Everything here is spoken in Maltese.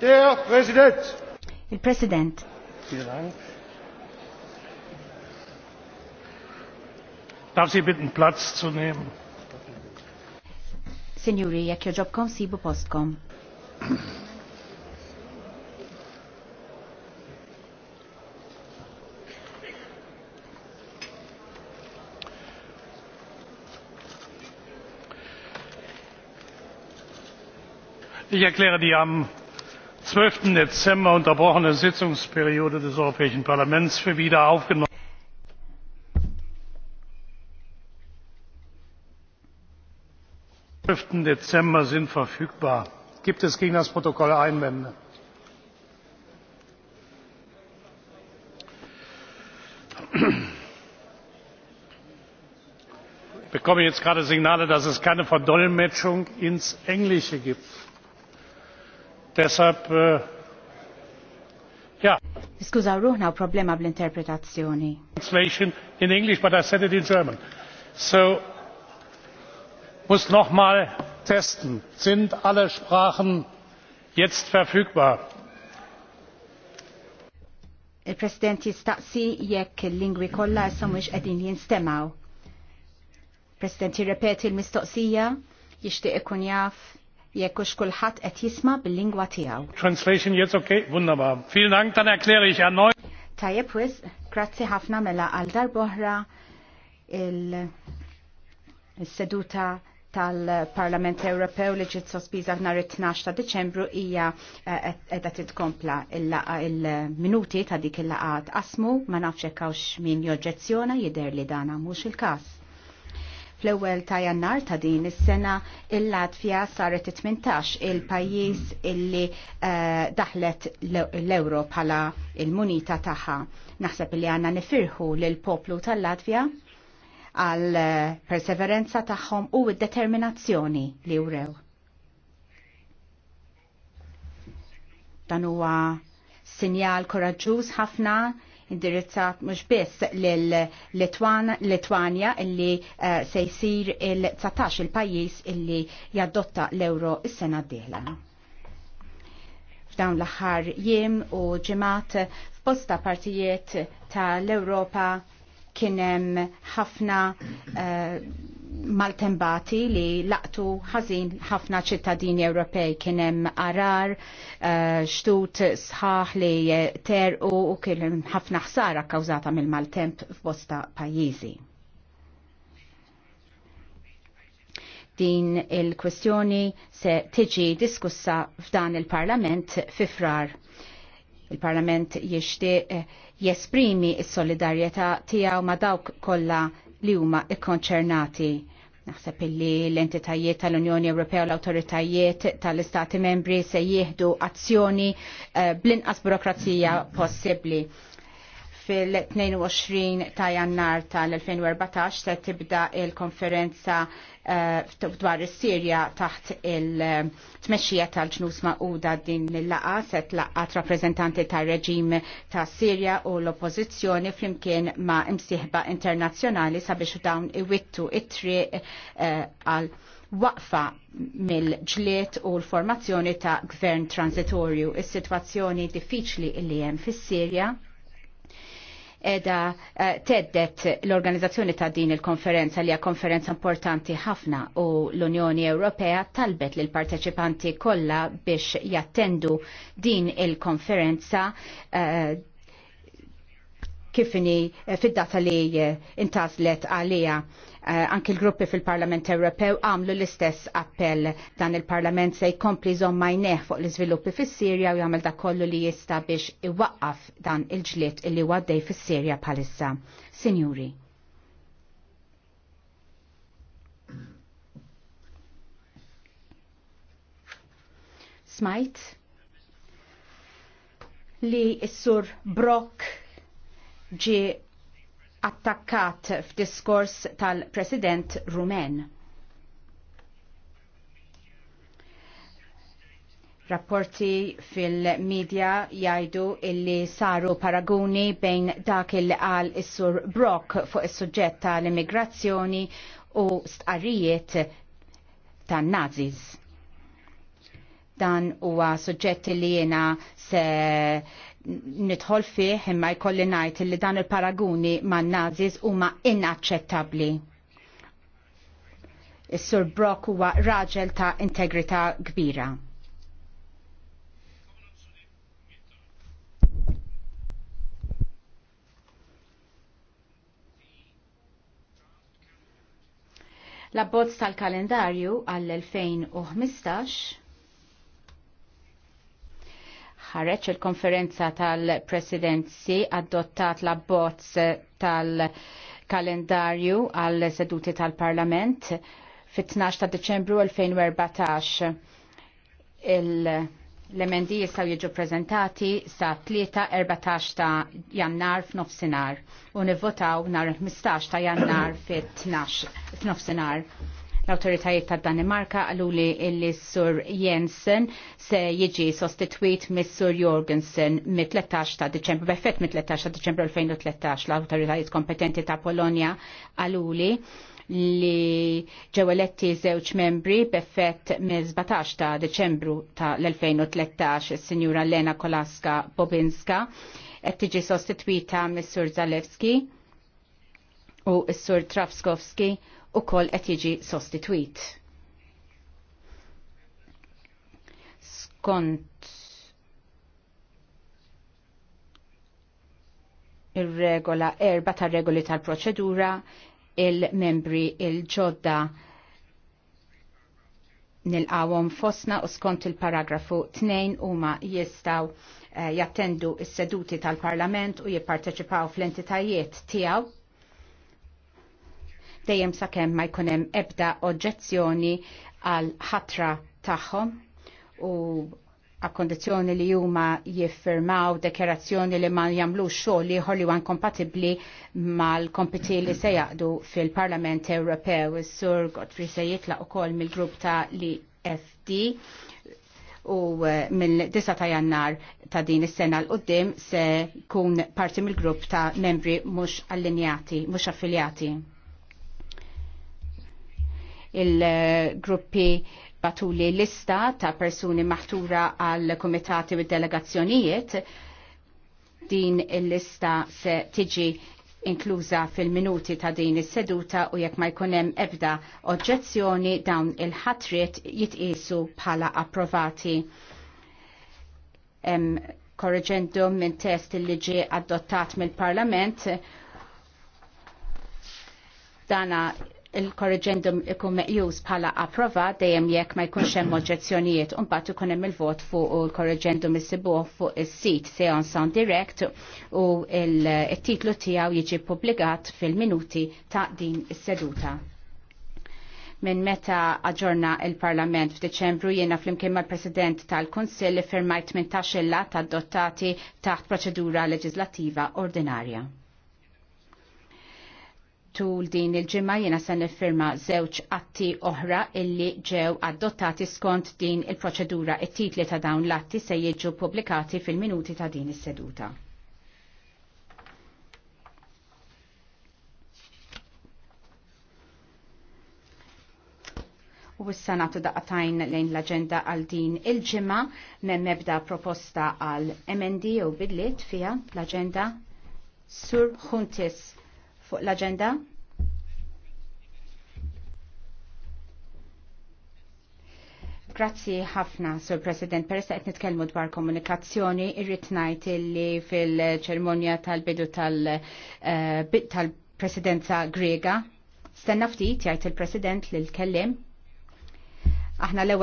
Der Präsident. Il-President. Darf Sie bitten, Platz zu nehmen? Signori, jekk joġobkom sibu postkom. Ich erkläre die am um zwölf dezember unterbrochene sitzungsperiode des europäischen parlaments für wieder aufgenommen. zwölf dezember sind verfügbar. gibt es gegen das protokoll einwände? ich bekomme jetzt gerade signale dass es keine verdolmetschung ins englische gibt. Deshalb, äh, ja. Iskużaw ruħna u problema bl-interpretazzjoni. Translation in English, but I said it in German. So, muss noch mal testen. Sind alle Sprachen jetzt verfügbar? Il-President jistaqsi jekk il-lingwi kollha issa mhux qegħdin jinstemaw. President jirrepeti l-mistoqsija, jixtieq ikun jaf jekk hux kulħadd qed jisma' bil-lingwa tiegħu. Translation jetzt okay, wunderbar. Vielen Dank, dann erkläre ich erneut. Tajjeb wis, grazzi ħafna mela għal darboħra il-seduta tal-Parlament Ewropew li ġiet sospiża nhar it-12 ta' Diċembru hija eh, qiegħda titkompla il-minuti ta' dik il-laqgħa tqasmu ma nafx hekk min joġġezzjona jidher li dana mhux il-każ. Fl-ewwel ta' Jannar ta' din is-sena il-Latvja saret 18 il-pajjiż illi uh, daħlet l-Ewro bħala il-munita tagħha. Naħseb li għandna nifirħu lil poplu tal-Latvja għal eh, perseverenza tagħhom u d-determinazzjoni li wrew. Dan huwa sinjal koraġġuż ħafna indirizzat mhux biss l-Litwanja illi eh, se jsir il-19 il-pajjiż illi jadotta l-euro is-sena d-dieħla. F'dawn l-aħħar jiem u ġimat f'posta partijiet tal-Ewropa kien hemm ħafna uh, maltembati li laqtu ħażin ħafna ċittadini Ewropej kien hemm arar, eh, xtut sħaħ li terqu u kien ħafna ħsara kkawżata mill-maltemp f'bosta pajjiżi. Din il-kwestjoni se tiġi diskussa f'dan il-Parlament fi frar il-Parlament jixtieq eh, jesprimi s-solidarjetà tiegħu ma' dawk kollha li huma ikkonċernati. Naħseb illi l-entitajiet tal-Unjoni Ewropea u l-autoritajiet tal-Istati membri se jieħdu azzjoni uh, bl-inqas burokrazija possibbli fil-22 ta' jannar tal-2014 se tibda il-konferenza eh, dwar is-Sirja taħt il-tmexxija tal-ġnus maquda din il-laqa se tlaqat rappreżentanti tar-reġim ta' Sirja u l-Oppożizzjoni flimkien ma' imsieħba internazzjonali sabiex dawn iwittu it-triq eh, għal waqfa mill-ġliet u l-formazzjoni ta' gvern transitorju. Is-sitwazzjoni diffiċli li hemm fis-Sirja edha eh, teddet l-organizzazzjoni ta' din il-konferenza li hija konferenza importanti ħafna u l-Unjoni Ewropea talbet lil parteċipanti kollha biex jattendu din il-konferenza eh, kifini eh, fid-data li eh, intazlet għalija. Eh, anki l-gruppi fil-Parlament Ewropew għamlu l-istess appell dan il-Parlament se jkompli zommajneħ fuq l-izviluppi fis-Sirja u jagħmel da kollu li jista biex iwaqqaf dan il-ġlit illi għaddej fis-Sirja bħalissa. Sinjuri. Smajt li s-sur Brock ġi attakkat f'diskors tal-President Rumen. Rapporti fil-medja jajdu illi saru paragoni bejn dak il għal is-sur Brock fuq is-suġġett tal-immigrazzjoni u stqarrijiet tan-Nazis. Dan huwa suġġett li jiena se nidħol fih imma jkolli najt li dan il-paraguni man nazis huma inaċċettabbli. Is-Sur Brock huwa raġel ta' integrità kbira. L-abbozz tal-kalendarju għall-2015 ħareċ il-konferenza tal-presidenzi adottat la bozz tal-kalendarju għal seduti tal-parlament fit-12 ta' Deċembru 2014. L-emendi jistaw jiġu prezentati sa' 3-14 ta' jannar f'nofsinar u nivvotaw nar 15 ta' jannar fit-12 f'nofsinar. L-autoritajiet ta' Danimarka għallu li il sur Jensen se jiġi sostitwit mis-sur Jorgensen mit-13 ta' Deċembru, b'effett mit-13 ta' Deċembru 2013 l-autoritajiet kompetenti ta' Polonja għallu li li ġeweletti żewġ membri b'effett mill-17 ta' Deċembru ta' l-2013 is-Sinjura Lena Kolaska Bobinska qed tiġi sostitwita mis-Sur Zalewski u s-Sur Trafskowski u kol qed jiġi sostituit. Skont ir-regola erba ta' regoli tal-proċedura il-membri il-ġodda nilqawhom fosna u skont il-paragrafu 2 huma jistgħu eh, jattendu is-seduti tal-Parlament u jipparteċipaw fl-entitajiet tiegħu dejjem sakemm ma jkun hemm ebda oġġezzjoni għal ħatra tagħhom u għall-kondizzjoni li juma jiffirmaw dekerazzjoni li ma jagħmlux xogħol ieħor li wan kompatibbli mal-kompiti li se jaqdu fil-Parlament Ewropew. Is-Sur Godfrey se jitlaq ukoll mill-grupp ta' l-FD e u eh, mill-9 ta' jannar ta' din is-sena l qoddim se jkun parti mill-grupp ta' membri mhux allinjati, mhux affiljati il-gruppi batuli lista ta' persuni maħtura għal komitati u delegazzjonijiet din il-lista se tiġi inkluża fil-minuti ta' din is-seduta u jekk ma jkun hemm ebda oġġezzjoni dawn il-ħatriet jitqisu bħala approvati. Em, korreġendum minn test il ġie adottat mill-Parlament dana il-korreġendum ikun meqjus bħala approva dejjem jekk ma jkunx hemm oġġezzjonijiet u mbagħad ikun hemm il-vot fuq il-korreġendum isibuh fuq is-sit Seance Sound Direct u il-titlu tiegħu jiġi pubblikat fil-minuti ta' din is-seduta. Minn meta aġġorna il-Parlament f'Deċembru jiena flimkien mal-President tal-Kunsill firmajt 18 il-lat adottati taħt proċedura leġislattiva ordinarja tul din il-ġimma jena se nifirma żewġ atti oħra illi ġew adottati skont din il-proċedura it-titli ta' dawn l-atti se jiġu publikati fil-minuti ta' din is-seduta. U issa nagħtu daqatajn lejn l agenda għal din il-ġimma m'hemm ebda proposta għal MND u bidliet fiha l agenda Sur Huntis fuq l-agenda. Grazzi ħafna, Sur President, Peressa qed nitkellmu dwar komunikazzjoni, irrid ngħid illi fil-ċermonja tal-bidu eh, tal-Presidenza Grega. Stenna ftit jgħid il-President lil kellim. Aħna l